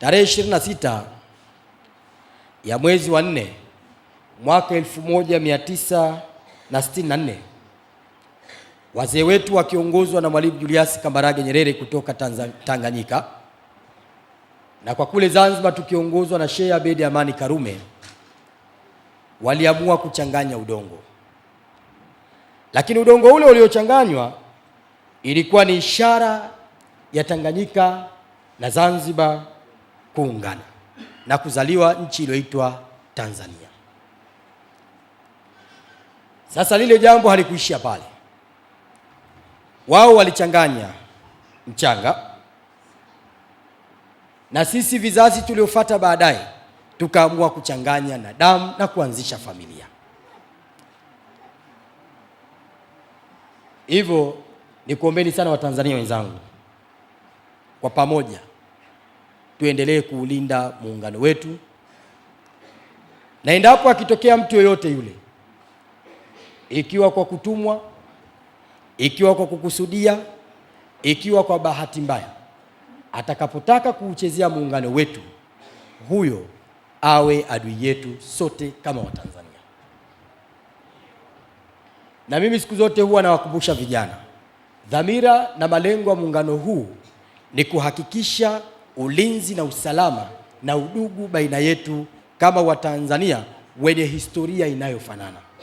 tarehe 26 ya mwezi wa nne mwaka nne wazee wetu wakiongozwa na Mwalimu Julius Kambarage Nyerere kutoka Tanganyika na kwa kule Zanzibar tukiongozwa na Sheikh Abedi Amani Karume waliamua kuchanganya udongo, lakini udongo ule uliochanganywa ilikuwa ni ishara ya Tanganyika na Zanzibar kuungana na kuzaliwa nchi iliyoitwa Tanzania. Sasa lile jambo halikuishia pale. Wao walichanganya mchanga na sisi vizazi tuliofuata baadaye tukaamua kuchanganya na damu na kuanzisha familia. Hivyo ni kuombeni sana Watanzania wenzangu, kwa pamoja tuendelee kuulinda muungano wetu, na endapo akitokea mtu yoyote yule, ikiwa kwa kutumwa, ikiwa kwa kukusudia, ikiwa kwa bahati mbaya, atakapotaka kuuchezea muungano wetu, huyo awe adui yetu sote kama Watanzania. Na mimi siku zote huwa nawakumbusha vijana, dhamira na malengo ya muungano huu ni kuhakikisha ulinzi na usalama na udugu baina yetu kama Watanzania wenye historia inayofanana.